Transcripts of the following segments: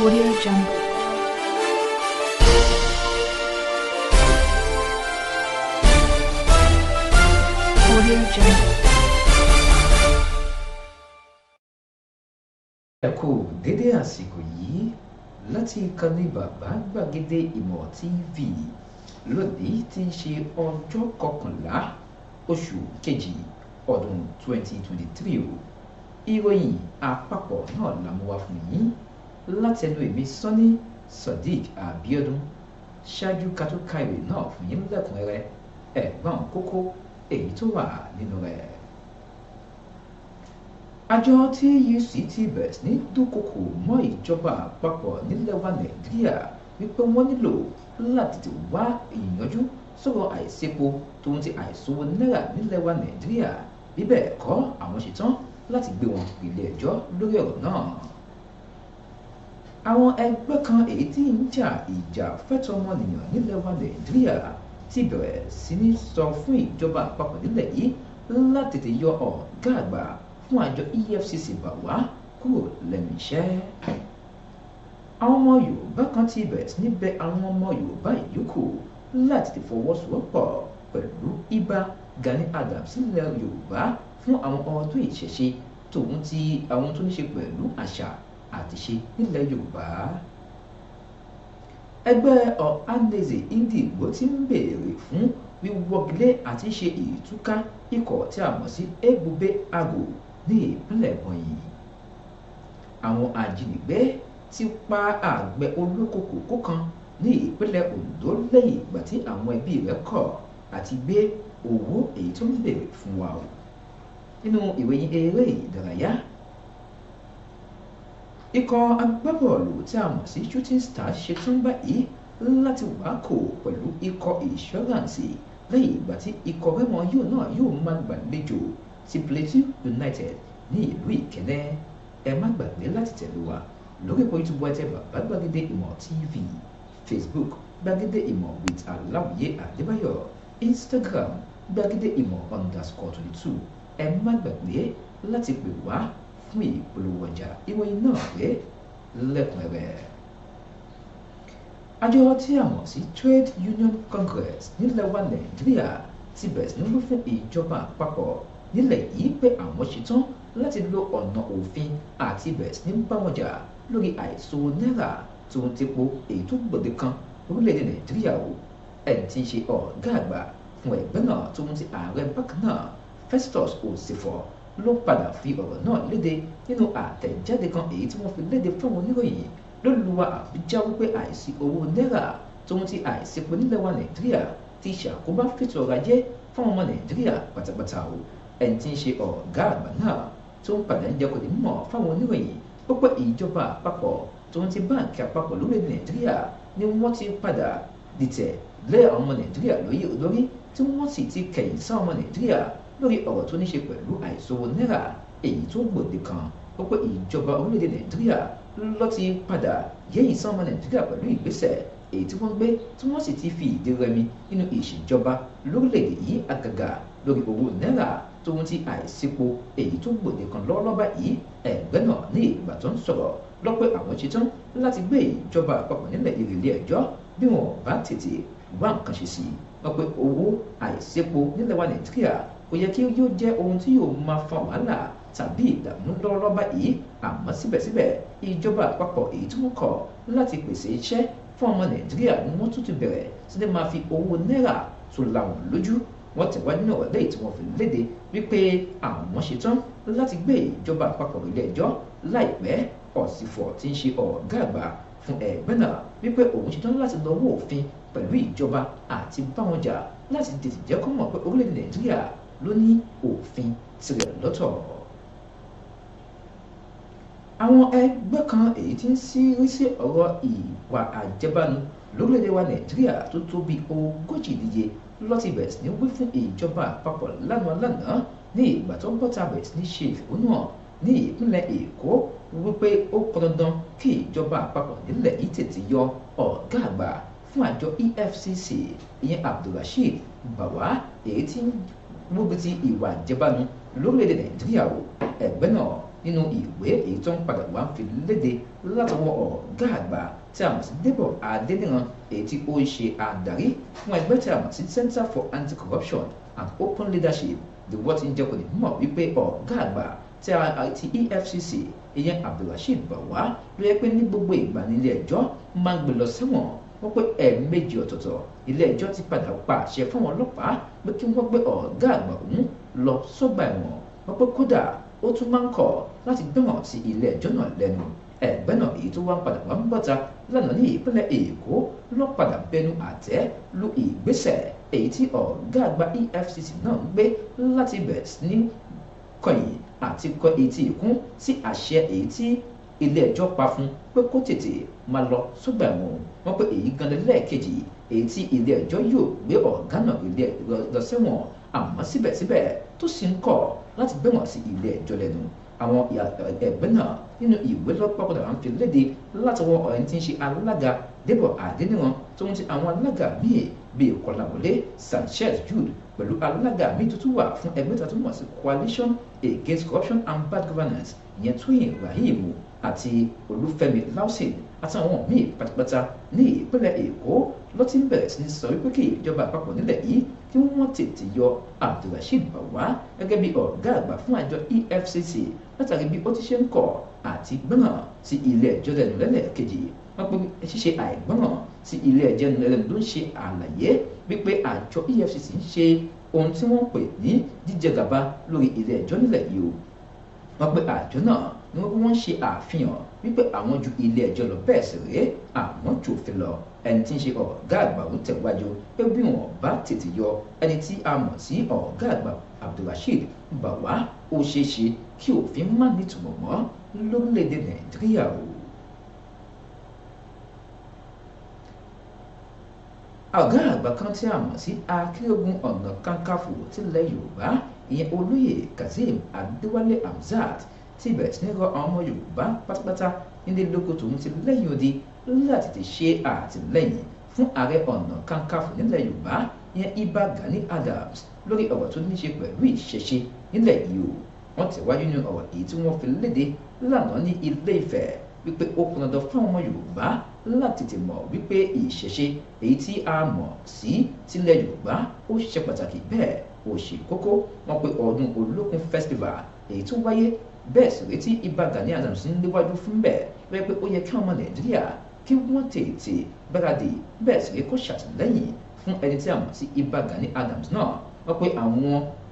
Audio Jungle. Audio Jungle. ẹ kú dédé àsìkò yìí láti ìkànnì bàbá gbàgede ìmọ̀ tv lónìí tí ń ṣe ọjọ́ kọkànlá oṣù kejì ọdún 2023 o ìròyìn àpapọ̀ náà la mú wá fún yín láti ẹnu èmi sọ́ní sodiq abiodun ṣáájú ká tó náà fún yín lẹ́kùnrẹ́rẹ́ ẹ̀gbọ́n kókó èyí tó wà nínú rẹ̀. àjọ tuc ti ní dúnkokò mọ́ ìjọba àpapọ̀ nílẹ̀ wa nàìjíríà wípé wọ́n nílò láti ti wá ìyanjú sọ̀rọ̀ àìsèpo tó ń ti àìsówó náírà nílẹ̀ wa nàìjíríà bíbẹ̀ ẹ̀kọ́ àwọn ṣetán láti gbé wọn ilé ẹjọ́ lórí ọ̀rọ̀ náà àwọn ẹgbẹ́ kan èyí tí ń jà ìjà fẹ́tọ̀ ọmọnìyàn nílẹ̀ wa nàìjíríà ti bẹ̀rẹ̀ sí ní sọ fún ìjọba àpapọ̀ nílẹ̀ yìí láti tètè yọ ọ̀gá àgbà fún àjọ EFCC Bawá kúrò lẹ́nu iṣẹ́ àwọn ọmọ yorùbá kan ti bẹ̀rẹ̀ sí ní bẹ àwọn ọmọ yorùbá ìyókù láti ti fọwọ́sowọ́pọ̀ pẹ̀lú ibà Gani Adams sílẹ̀ yorùbá fún àwọn ọdún ìṣẹ̀ṣe tòun ti àwọn tó ní àti ṣe nílẹ̀ Yorùbá ẹgbẹ́ ọ̀hánẹ́sì Ìgbò ti ń béèrè fún wíwọ́gilé àti ṣe ìtúká ikọ̀ tí a mọ̀ sí Ebube Agụ ní ìpínlẹ̀ Ebonyi àwọn ajínigbé ti pa àgbẹ̀ olóko kòkó kan ní ìpínlẹ̀ Ondo lẹ́yìn ìgbà tí àwọn ẹbí rẹ̀ kọ̀ àti gbé owó èyí tó ń béèrè fún wa o nínú ìròyìn eré ìdárayá ikọ̀ agbábọ́ọ̀lù tí a mọ̀ sí shooting stars ṣetán báyìí láti wákò pẹ̀lú ikọ̀ ìṣọ́ráǹsì lẹ́yìn ìgbà tí ikọ̀ rẹ́mọ yóò náà yóò máa gbàlejò ti Plateau United ní ìlú ìkẹ́lẹ́ ẹ má gbàgbé láti tẹ̀lé wa lórí ipò YouTube ẹtẹ bàbá gbàgede ìmọ̀ TV Facebook gbàgede ìmọ̀ with aláwìyé àdébáyọ̀ Instagram gbàgede ìmọ̀ underscore twenty two ẹ má gbàgbé láti pè wá fún ìpolówó ọjà ìròyìn náà pé lẹ́kùnrẹ́rẹ́ àjọ tí a mọ̀ sí Trade Union Congress nílẹ̀ wa Nàìjíríà ti bẹ̀rẹ̀ sí ní wí fún ìjọba àpapọ̀ nílẹ̀ yìí pé àwọn ṣetán láti lo ọ̀nà òfin àti bẹ̀rẹ̀ sí ní bá wọn jà lórí àìsò náírà tó ń tepo èyí tó gbòde kan orílẹ̀-èdè ló padà fi ọ̀rọ̀ náà léde nínú àtẹ̀jáde kan èyí tí wọ́n fi léde fáwọn oníròyìn lólùwà àbújá wípé àìsí owó náírà tóun ti àìsí epo nílẹ̀ wa nàìjíríà ti ṣàkóbá fètò ọrọ̀ ajé fáwọn ọmọ nàìjíríà pátápátá o ẹni tí ń ṣe ọ̀gá àgbà náà tó ń padà ń jẹ́ kó mímọ̀ fáwọn oníròyìn ó pé ìjọba àpapọ̀ tó ń ti báǹkì àpapọ̀ lórílẹ̀ nàìjíríà ni wọ́n lórí ọ̀rọ̀ tó ní ṣe pẹ̀lú àìsówó náírà èyí tó gbòde kan ó pé ìjọba orílẹ̀-èdè nàìjíríà ló ti padà yẹ̀yìn sán ọmọ nàìjíríà pẹ̀lú ìgbésẹ̀ èyí tí wọ́n gbé tí wọ́n sì ti fi ìdí rẹmi nínú ìṣèjọba lórílẹ̀-èdè yìí àgàgà lórí owó náírà tóun ti àìsípo èyí tó gbòde kan lọ́lọ́ba yìí ẹ̀gbẹ́ náà ní ìgbà tó ń sọ̀rọ̀ lọ́pẹ́ àwọn ṣetán láti gbé ìjọba àpapọ̀ nílẹ̀ ìrìlẹ̀ ẹjọ́ bí wọn bá tètè wá nǹkan ṣe sí i wọ́n pé owó àìsípo nílẹ̀ wa nàìjíríà kò yẹ kí yóò jẹ́ ohun tí yóò máa fa wàhálà tàbí ìdààmú lọ́wọ́lọ́wọ́ báyìí àmọ́ síbẹ̀síbẹ̀ ìjọba àpapọ̀ èyí tí wọ́n kọ̀ láti pèsè iṣẹ́ fún ọmọ nàìjíríà ni wọ́n tún ti bẹ̀rẹ̀ sí ní máa fi owó náírà tó làwọn lójú wọ́n tẹ̀wájú náà lẹ́yìn tí wọ́n fi léde wípé àwọn ṣetán láti gbé ìjọba àpapọ̀ ilé ẹjọ́ láìpẹ́ ọ̀sìfọ̀ tí ń ṣe ọ̀gá àgbà fún ẹgbẹ́ náà wípé òun ṣetán láti lọ́wọ́ òfin pẹ̀lú ìjọba àti báwọn jà láti tètè jẹ́ mọ̀ pé orílẹ̀-èdè nàìjíríà ló ní òfin tirẹ̀ lọ́tọ̀ àwọn ẹgbẹ́ kan èyí tí ń sírí sí ọ̀rọ̀ ìwà àjẹbánu lórílẹ̀‐èdè wa nàìjíríà tó tó bíi ogójì níye ló ní wí fún ìjọba àpapọ̀ lánàá lánàá ní ìgbà tó ń bọ́ ní ṣe ìfẹ̀hónú ní ìpínlẹ̀ èkó wípé ó pọn dandan kí ìjọba àpapọ̀ nílẹ̀ yìí tètè yọ ọ̀gá àgbà fún àjọ EFCC ìyẹn Abdulrasheed Bàwá èyí tí gbógun ti ìwà ìjẹbánu lórílẹ̀‐èdè nàìjíríà o ẹgbẹ́ náà nínú ìwé èyí tó ń padà wá ń fi léde látọwọ́ ọ̀gá àgbà tí a mọ̀ sí débọ̀ adéníran èyí tí ó ń ṣe àdarí fún ẹgbẹ́ tí a mọ̀ sí center for anti-corruption and open leadership the world ti ń jẹ́ kó ní mọ̀ wípé ọ̀gá àgbà tí a ti efcc ìyẹn abdulrasheed bàwá ló yẹ pé ní gbogbo ìgbà nílé ẹjọ́ máa ń gbé lọ sẹ́wọ̀n wọ́n pé ẹ̀ẹ̀mejì ọ̀tọ̀ọ̀tọ̀ ilé ẹjọ́ ti padà pa àṣẹ fún àwọn ọlọ́pàá pé kí wọ́n gbé ọ̀gá àgbà ọ̀hún lọ sọ́gbà ẹ̀wọ̀n wọ́n pé kódà ó tún máa ń kọ̀ láti gbẹ̀mọ̀ sí ilé ẹjọ́ náà lẹ́nu ẹgbẹ́ náà èyí tó wá ń padà wá ń bọ̀ta lánàá ní ìpínlẹ̀ èkó ló padà bẹnu àtẹ́ lu ìgbésẹ̀ èyí tí ọ̀gá àgbà EFCC náà ń gbé láti bẹ̀rẹ̀ sí ní kọ̀yìn àti kọ etí ìkún sí àṣẹ èyí tí ilé ẹjọ́ pa fún pé kó tètè máa lọ sọ́gbà ẹ̀wọ̀n wọ́n pé èyí gan lẹ́lẹ́ẹ̀kejì èyí tí ilé ẹjọ́ yóò gbé ọ̀gá náà ilé lọ sẹ́wọ̀n àmọ́ síbẹ̀síbẹ̀ tó sì ń kọ̀ láti gbé wọn sí ilé ẹjọ́ lẹ́nu àwọn ẹgbẹ́ náà nínú ìwé lọ́pọ̀pọ̀ náà fi léde látọwọ́ ọ̀rẹ́ tí ń ṣe alága débọ̀ àdéníwọ̀n tó ń ti àwọn alága míì bíi kọlàwọlé sanchez jude pẹ̀lú alága míì tuntun wà fún ẹgbẹ́ tuntun wọ̀ sí coalition against corruption and bad governance ìyẹn tóyìn raheem àti olúfẹ́mi láùsìn àtàwọn míì pátápátá ní ìpínlẹ̀ èkó ló ti ń bẹ̀rẹ̀ sí ní sọ wípé kí ìjọba àpapọ̀ nílẹ̀ yìí kí wọ́n tètè yọ abdulrasheed bàwá gẹ́gẹ́ bí ọ̀gá àgbà fún àjọ efcc látàrí bí ó ti ṣe ń kọ̀ àti gbọ́ràn sí ilé ẹjọ́ lẹ́nu lẹ́lẹ́kejì wọ́n pe ṣíṣe àìgbọ́ràn sí ilé ẹjọ́ lẹ́nu ló ń ṣe àlàyé wípé àjọ efcc ń ṣe ohun tí wọ́n pè ní jíjẹ gàba lórí ilé ẹjọ́ nílẹ̀ yìí o wọ́n pe àjọ náà ni wọ́n ṣe àfihàn wípé àwọn ju ilé ẹjọ́ lọ bẹ́ẹ̀ sì rèé àwọn jòfin lọ ẹni tí ń ṣe ọ̀gá àgbà ó tẹ̀wájú pé bí wọn bá tètè yọ ẹni tí a mọ̀ sí ọ̀gá àgbà Abdulrasheed Bàwá ó ṣeé ṣe kí òfin má nítumọ̀ mọ́ lórílẹ̀‐èdè Nàìjíríà o. ọ̀gá àgbà kan tí a mọ̀ sí akérògùn ọ̀nà kakanfò tilẹ̀ Yorùbá ìyẹn olóyè Kazeem Adéwálé Hamzat ti bẹ̀rẹ̀ sí ní ọmọ Yorùbá pátápátá nílé lóko tòun ti lẹ́yìn odi láti ti ṣe àtìlẹ́yìn fún ààrẹ ọ̀nà kankafò nílẹ̀ Yorùbá yẹn Ìbà Gani Adams lórí ọ̀rọ̀ tó ní ṣe pẹ̀lú ìṣẹ̀ṣe nílẹ̀ yìí o wọ́n tẹ̀wájú nínú ọ̀rọ̀ èyí tí wọ́n fi léde lánàá ní Ilé Ifẹ̀ wípé ó pọn dandan fún ọmọ Yorùbá láti tètè mọ̀ wípé ìṣẹ̀ṣe èyí tí a mọ̀ sí tilẹ̀ Yorùbá ó ṣe pàtàkì bẹ́ẹ̀ ó kókó wọ́n pe ọdún Olókun festival èyí tó wáyé bẹ́ẹ̀ sì rí tí ibà Gani Adams ń léwájú fún bẹ́ẹ̀ rẹ́ pé ó yẹ kí ọmọ Nàìjíríà kí wọ́n tètè gbáradì bẹ́ẹ̀ sì rí kó ṣàtìlẹ́yìn fún ẹni tí a mọ̀ sí ibà Gani Adams náà wọ́n pé àwọn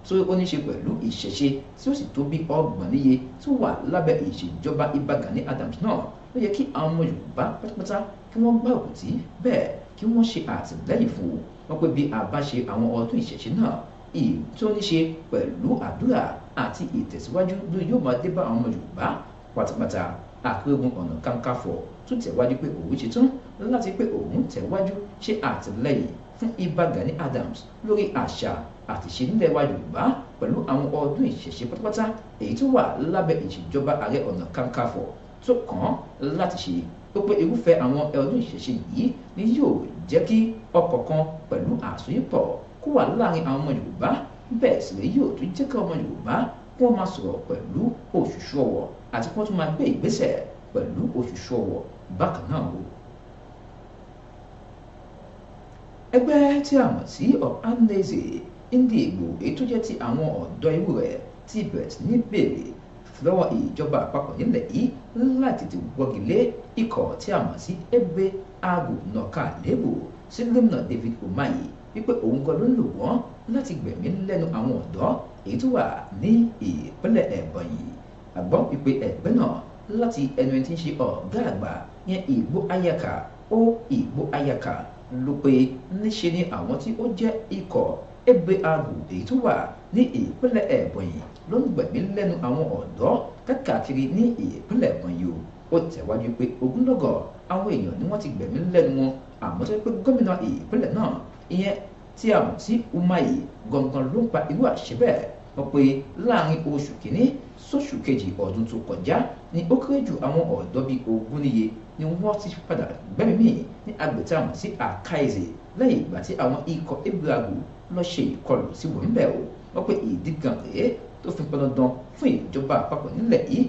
tó ó ní ṣe pẹ̀lú ìṣẹ̀ṣe tí ó sì tó bí ọgbọ̀n níye tó wà lábẹ́ ìṣèjọba ibà Gani Adams náà ló yẹ kí àwọn ọmọ Yorùbá pátápátá kí wọ́n gbá òkùtì bẹ́ẹ̀ kí wọ́n ṣe àtìlẹ́yìn fún wọn pé bí a bá ṣe àwọn ọdún ìṣẹ̀ṣe náà èyí tó ní ṣe pẹ̀lú àdúrà àti ìtẹ̀síwájú ló yóò máa dé bá àwọn ọmọ Yorùbá pátápátá Akérédolú ọ̀nà kakanfò tó tẹ̀wájú pé òun ṣe tán láti pé òun tẹ̀wájú ṣe àtìlẹ́yìn fún Ìbà Gani Adams lórí àṣà àtìṣe nílẹ̀ wa Yorùbá pẹ̀lú àwọn ọdún ìṣẹ̀ṣe pátápátá èyí tó wà lábẹ́ ìṣèjọba ààrẹ ọ̀nà kakanfò tó kàn láti ṣe ó pé irúfẹ́ àwọn ọdún ìṣẹ̀ṣe yìí ni yóò jẹ́ kí ọkọ̀ kan pẹ̀lú àsọyípọ̀ kó wà láàrin àwọn ọmọ Yorùbá bẹ́ẹ̀ sì lè yóò tún jẹ́ kí ọmọ Yorùbá kí wọ́n máa sọ̀rọ̀ pẹ̀lú òṣùṣù ọwọ̀ àti kí wọ́n tún máa gbé ìgbésẹ̀ pẹ̀lú òṣùṣù ọwọ̀ bákan náà o. ẹgbẹ́ tí a mọ̀ sí Ohanaeze Ndigbo èyí tó jẹ́ ti àwọn ọ̀dọ́ irú rẹ̀ ti bẹ̀rẹ̀ sí ní bèrè lọ́wọ́ ìjọba àpapọ̀ nílẹ̀ yìí láti ti wọ́gilé ikọ̀ tí a mọ̀ sí Egbe Agu Noka Lebo sí gómìnà David Umahi wípé òun kan ló ń lò wọ́n láti gbẹ̀mí lẹ́nu àwọn ọ̀dọ́ èyí tó wà ní ìpínlẹ̀ Ebonyi àgbọ́ pípé ẹgbẹ́ náà láti ẹnu ẹni tí ń ṣe ọ̀gá àgbà yẹn Igbo Ayaka ó Igbo Ayaka ló pé níṣe ni àwọn tí ó jẹ́ ikọ̀ ebaru èyí tó wà ní ìpínlẹ̀ Ebonyi ló ń gbẹ̀mí lẹ́nu àwọn ọ̀dọ́ káàkiri ní ìpínlẹ̀ Ebonyi o ó tẹ̀wájú pé ogunlọ́gọ̀ àwọn èèyàn ni wọ́n ti gbẹ̀mí lẹ́nu wọn àmọ́ tó pé gómìnà ìpínlẹ̀ náà ìyẹn tí a mọ̀ sí umahi gangan ló ń pa irú àṣẹ bẹ́ẹ̀ wọ́n pe láàrin oṣù kìíní sóṣù kejì ọdún tó kọjá ni ó kéré jù àwọn ọ̀dọ́ bíi ogún níye ni wọ́n ti padà gbẹ́mìí mì ní agbètà mọ̀ sí àkáìsè lẹ́yìn ìgbà tí àwọn ikọ̀ ebragu lọ́ọ́ ṣe ìkọlù sí wọn bẹ́ẹ̀ o wọ́n pe ìdí gan rèé tó fi pọn dandan fún ìjọba àpapọ̀ nílẹ̀ yìí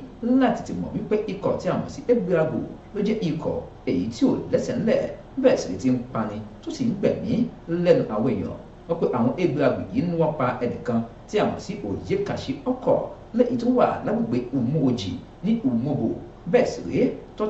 láti tìmọ̀ wípé ikọ̀ tí a mọ̀ sí ebragu ló jẹ́ ikọ̀ èyí tí ò lẹ́sẹ̀ ńlẹ̀ bẹ́ẹ̀ sì ti ń pani tó sì ń gbẹ̀mí lẹ́nu àwọn èèyàn wọ́n pe àwọn egbòagì yìí ń wọ́n pa ẹnìkan tí a mọ̀ sí òye kàṣí ọkọ̀ lẹ́yìn tó wà lágbègbè umuoji ní umuobo bẹ́ẹ̀ sì rèé tó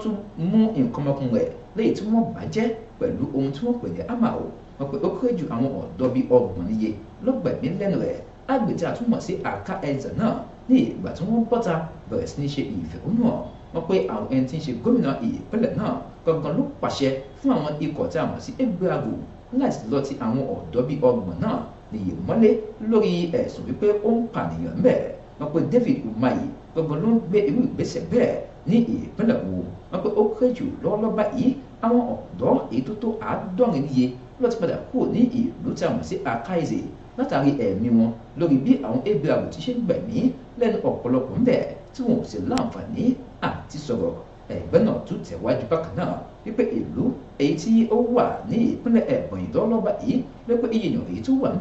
mú nǹkan ọmọkùnrin rẹ̀ lẹ́yìn tí wọ́n bàjẹ́ pẹ̀lú ohun tí wọ́n pè ní amao wọ́n pe ó kéré ju àwọn ọ̀dọ́ bíi ọgbọ̀n níye ló gbẹ̀mí lẹ́nu rẹ̀ lágbègbè tí a tún mọ̀ sí àká ẹ̀ǹtẹ̀ náà ní ìgbà tí wọ́n bọ́ta bẹ̀rẹ̀ sí ní ṣe ìfẹ̀hónú wọ́n pé àwọn ẹni tí ń ṣe gómìnà ìpínlẹ̀ náà gangan ló pàṣẹ fún àwọn ikọ̀ tí a mọ̀ sí Egbeagu láti lọ ti àwọn ọ̀dọ́ bíi ọgbọ̀n náà nìyí mọ́lé lórí ẹ̀sùn wípé ó ń pànìyàn mbẹ̀ wọ́n pé David Umahi gangan ló ń gbé irú ìgbésẹ̀ bẹ́ẹ̀ ní ìpínlẹ̀ wo wọ́n pé ó kéré jù lọ́wọ́lọ́ba yìí àwọn ọ̀dọ́ èyí tó tó àádọ́rin níye ló ti padà kúrò ní ìlú tí a mọ̀ sí Akaeze látàrí ẹ̀mí wọn lórí bí àwọn Egbeagu ti ṣe gbẹ̀mí lẹ́nu ọ̀pọ̀lọpọ̀ mbẹ̀ àti sọ̀rọ̀ ẹgbẹ́ náà tún tẹ̀wájú bákan náà wípé ìlú èyí tí ó wà ní ìpínlẹ̀ Ebonyi dọ́lọ́ba yìí wípé ìyẹ̀yàn èyí tó wà ń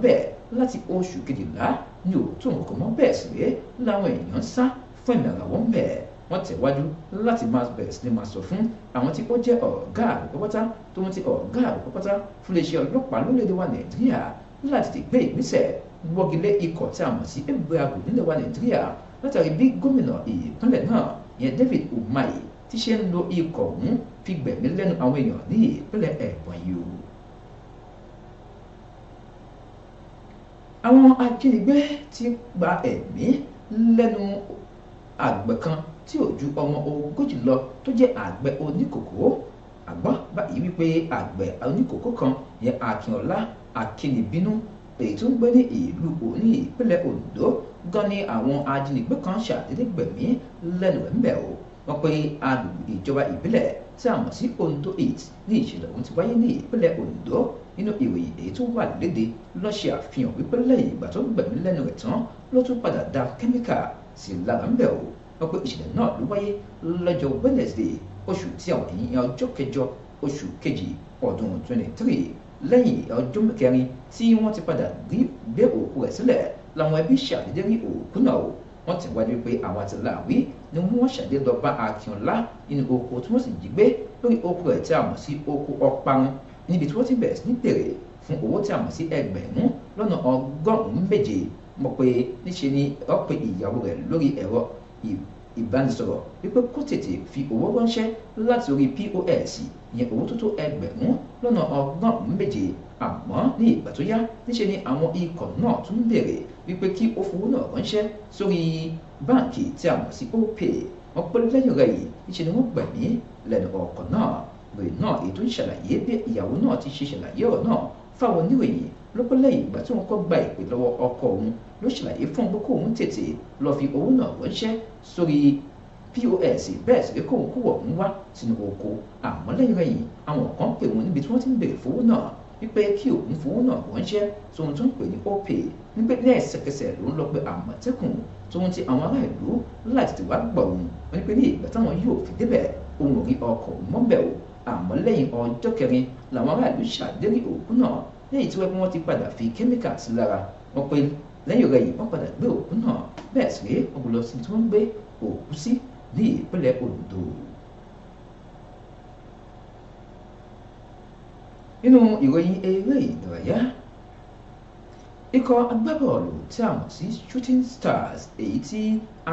láti oṣù kejìlá ní òótọ́ nǹkan mọ́ bẹ́ẹ̀ sì ré láwọn èèyàn sá fún ìmọ̀ àwọn bẹ̀ wọ́n tẹ̀wájú láti máa bẹ̀rẹ̀ sí ni máa sọ fún àwọn tí ó jẹ́ ọ̀gá àgbẹ̀pọ̀pátá tó ń ti ọ̀gá àgbẹ̀pọ̀pátá fún iléeṣẹ́ ọlọ́pàá lórílẹ̀‐èdè wa Nàìjíríà láti ti gbé ìgbésẹ̀ wọ́gilé ikọ̀ tí a mọ̀ sí ẹgbẹ́ àgbò wa Nàìjíríà látàrí bí gómìnà ìpínlẹ̀ náà ìyẹn David Umahi tí ṣe ń lo ikọ̀ ọ̀hún fi gbẹ̀mí lẹ́nu àwọn èèyàn ní ìpínlẹ̀ Ebonyi o. àwọn ajínigbé ti gba ẹ̀mí lẹ́nu àgbẹ̀ kan tí ò ju ọmọ ogójì lọ tó jẹ́ àgbẹ̀ oníkòkó àgbọ́n báyìí wípé àgbẹ̀ oníkòkó kan yẹn Akínọlá Akínibínú èyí tó ń gbé ní ìlú Òní ìpínlẹ̀ Ondo gan ni àwọn ajínigbé kan ṣàdédé gbẹ̀mí lẹ́nu ẹ̀ ń bẹ̀ o wọ́n pe alùpùpù ìjọba ìbílẹ̀ tí a mọ̀ sí Ondo eight ní ìṣẹ̀lẹ̀ ọ̀hún ti wáyé ní ìpínlẹ̀ Ondo nínú ìròyìn èyí tó wà léde ló ṣe àfihàn wípé lẹ́yìn ìgbà tó gbẹ̀mí lẹ́nu rẹ̀ tán ló tún padà da kẹ́míkà sí lára ń bẹ̀ o wọ́n pe ìṣẹ̀lẹ̀ náà ló wáyé lọ́jọ́ Wednesday oṣù tí àwọn èèyàn ọjọ́ kẹjọ oṣù kejì ọdún twenty three lẹ́yìn ọjọ́ mẹ́kẹrin tí wọ́n ti padà gbé òkú rẹ̀ sílẹ̀ làwọn ẹbí ṣàdédé rí òkú náà o ti wájú pé àwọn àti làwí ni wọ́n ṣàdédé lọ bá Akínọlá nínú oko tí wọ́n sì jí gbé lórí oko rẹ̀ tí a mọ̀ sí oko ọparun níbi tí wọ́n ti bẹ̀rẹ̀ sí ní bèrè fún owó tí a mọ̀ sí ẹgbẹ̀rún lọ́nà ọgọ́rùn-ún méje mọ̀ pé níṣe ni ó pe ìyàwó rẹ̀ lórí ẹ̀rọ ìb ìbánisọ̀rọ̀ wípé kó tètè fi owó ránṣẹ́ láti orí pos ìyẹn owó tó tó ẹgbẹ̀rún lọ́nà ọgọ́rùn méje àmọ́ ní ìgbà tó yá níṣe ni àwọn ikọ̀ náà tún ń béèrè wípé kí ó fowó náà ránṣẹ́ sórí báǹkì tí a mọ̀ sí opay wọ́n pẹ́ lẹ́yìn rẹ̀ yìí níṣe ni wọ́n gbẹ̀mí lẹ́nu ọkọ̀ náà rè náà èyí tó ń ṣàlàyé bí ìyàwó náà ti ṣe ṣàlàyé ọ̀rọ̀ náà fáwọn oníròyìn lọ́pọ̀ lẹ́yìn ìgbà tí wọ́n kọ́ gba ìpè lọ́wọ́ ọkọ òun ló ṣàlàyé fún un pé tètè lọ́ọ́ fi owó náà ránṣẹ́ sórí pos bẹ́ẹ̀ sì pé kóun kó wọ̀ ń wá sínú oko àmọ́ lẹ́yìn rẹ̀yìn àwọn kan pè wọ́n níbi tí wọ́n ti ń bèrè fowó náà wípé kí òun fowó náà ránṣẹ́ tó ń pè ní opay nígbà ní ẹsẹ̀kẹsẹ̀ ló ń lọ pé àmọ̀tẹ́kùn tóun ti àwọn ará ìlú láti wá gbọ̀ òun wọ́n ní pé ní ìgbà táwọn yóò fi débẹ̀ òun ò rí ọkọ̀ mọ́bẹ̀ o àmọ́ lẹ́yìn ọjọ́ kẹrin làwọn ará ìlú ṣàdérí òkú náà lẹ́yìn tí wọ́n pé wọ́n ti padà fi kẹ́míkà sí lára wọ́n pé lẹ́yìn rẹ̀ yìí wọ́n padà gbé òkú náà bẹ́ẹ̀ sì rèé wọ́n kò lọ sí tí wọ́n ń gbé òkú sí ní ìpínlẹ̀ Ondo. nínú ìròyìn eré ìdárayá ikọ̀ agbábọ́ọ̀lù tí a mọ̀ sí shooting stars èyí tí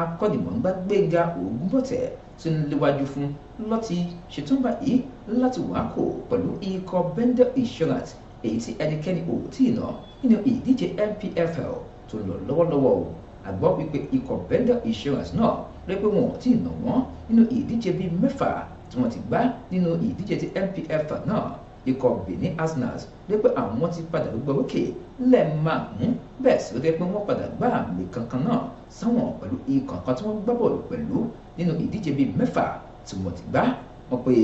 akọ́nìmọ̀ọ́gbá Gbénga Ògúnbọ̀tẹ̀ ti ń léwájú fún lọ́ti ṣetán báyìí láti wàákò pẹ̀lú ikọ̀ Bender Insurance èyí tí ẹnikẹ́ni ò tí ì ná nínú ìdíje MPFL tó lọ lọ́wọ́lọ́wọ́ o àgbọ̀ wípé ikọ̀ vendor insurance náà rí pé wọn ò tí ì ná wọn nínú ìdíje bíi mẹ́fà tí wọ́n ti gbá nínú ìdíje ti MPFL náà ikọ̀ Benin Arsenals rí pé àwọn ti padà gbọ́ lókè lẹ́ẹ̀márùn bẹ́ẹ̀ sì rí pé wọ́n padà gbá àmì kankan náà sáwọn pẹ̀lú ikọ̀ kan tí wọ́n gbá bọ́ọ̀lù pẹ̀lú nínú ìdíje bíi mẹ́fà tí wọ́n ti gbá wọ́n pé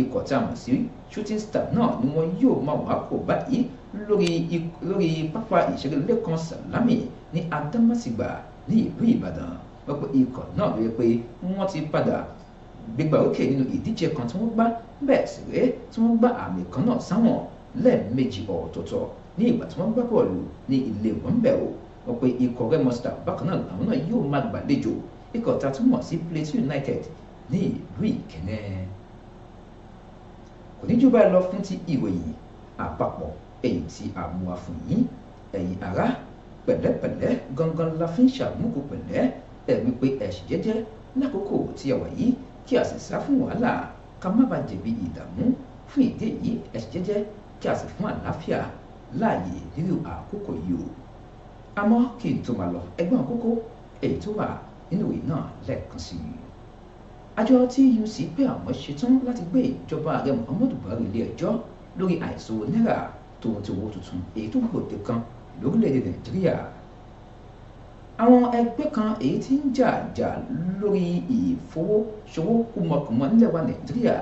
ikọ̀ a mọ̀ sí shooting star náà ni wọ́n yóò máa wá kó báyìí lórí pápá ìṣeré lẹ́kan sàlámì ní adámásìgbà ní ìlú ìbàdàn wọ́n pé náà ló yẹ pé wọ́n ti padà gbégbá òkè nínú ìdíje kan tí wọ́n gbá bẹ́ẹ̀ sì ré tí wọ́n gbá àmì kan náà sáwọn lẹ́ẹ̀mejì ọ̀tọ̀ọ̀tọ̀ ní ìgbà tí wọ́n gbá bọ́ọ̀lù ní ilé wọn bẹ̀ o wọ́n pé ikọ̀ rẹ́mọ bákan náà làwọn náà yóò máa gbàlejò ikọ̀ tá tún mọ̀ sí Plateau United ní ìlú ìkẹ́nẹ́ kò ní jù báyìí lọ fún ti ìròyìn àpapọ̀ èyí tí a mú wá fún yín ẹ̀yin ará pẹ̀lẹ́pẹ̀lẹ́ gangan la fi ń ṣàmúkò pẹ̀lẹ́ ẹ̀ wípé ẹ̀sìn jẹ́jẹ́ lákòókò tí a wà yìí kí a sì sá fún wàhálà ká má bàa jẹ̀bi ìdààmú fún ìdí èyí ẹ̀sìn jẹ́jẹ́ kí a sì fún àlàáfíà láàyè nínú àkókò yìí o àmọ́ kí n tó máa lọ ẹgbọ́n àkókò èyí tó wà nínú ìwé náà lẹ́ẹ̀kan sí i àjọ tuc pé àwọn ṣetán láti gbé ìjọba ààrẹ muhammadu buhari ilé ẹjọ́ lórí àìsàn náírà tòun ti owó tuntun èyí tó gbòde kan lórílẹ̀ nàìjíríà àwọn ẹgbẹ́ kan èyí tí ń jà jà lórí ìfowósowó kùmọ̀kùmọ̀ nílẹ̀ wa nàìjíríà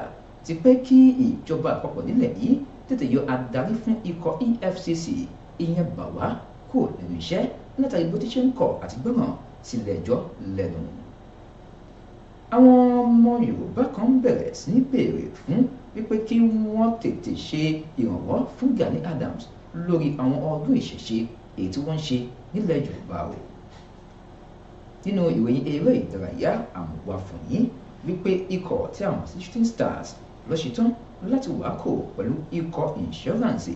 ti pé kí ìjọba àpapọ̀ nílẹ̀ yìí tètè yọ adarí fún ikọ̀ efcc ìyẹn bàwá kò lẹ́nu iṣẹ́ látàrí bó ti ṣe ń kọ̀ àti gbọ́ràn sílẹ̀ ẹjọ́ àwọn ọmọ yorùbá kan bẹ̀rẹ̀ sí ní béèrè fún wípé kí wọ́n tètè ṣe ìrànwọ́ fún Gani Adams lórí àwọn ọdún ìṣẹ̀ṣe èyí tí wọ́n ń ṣe nílẹ̀ yorùbá o nínú ìròyìn eré ìdárayá àmúwá fún yín wípé ikọ̀ tí àwọn Shooting Stars lọ ṣetán láti wákò pẹ̀lú ikọ̀ insurance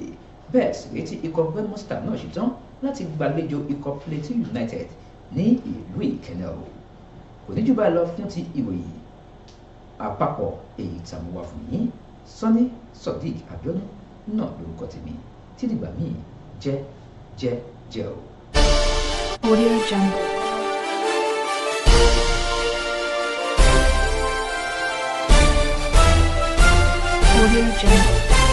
bẹ́ẹ̀ sì rí tí ikọ̀ bremosta náà ṣetán láti gbàlejò ikọ̀ Plateau United ní ìlú Ìkẹnẹ kò ní jù báyìí lọ fún ti ìròyìn àpapọ̀ èyí tàmúwá fún yín Sunny Sodiq Abiodun náà lórúkọ tèmi tí dìgbà míì jẹ́ jẹ́ jẹ́ o. Audio Jungle. Audio Jungle.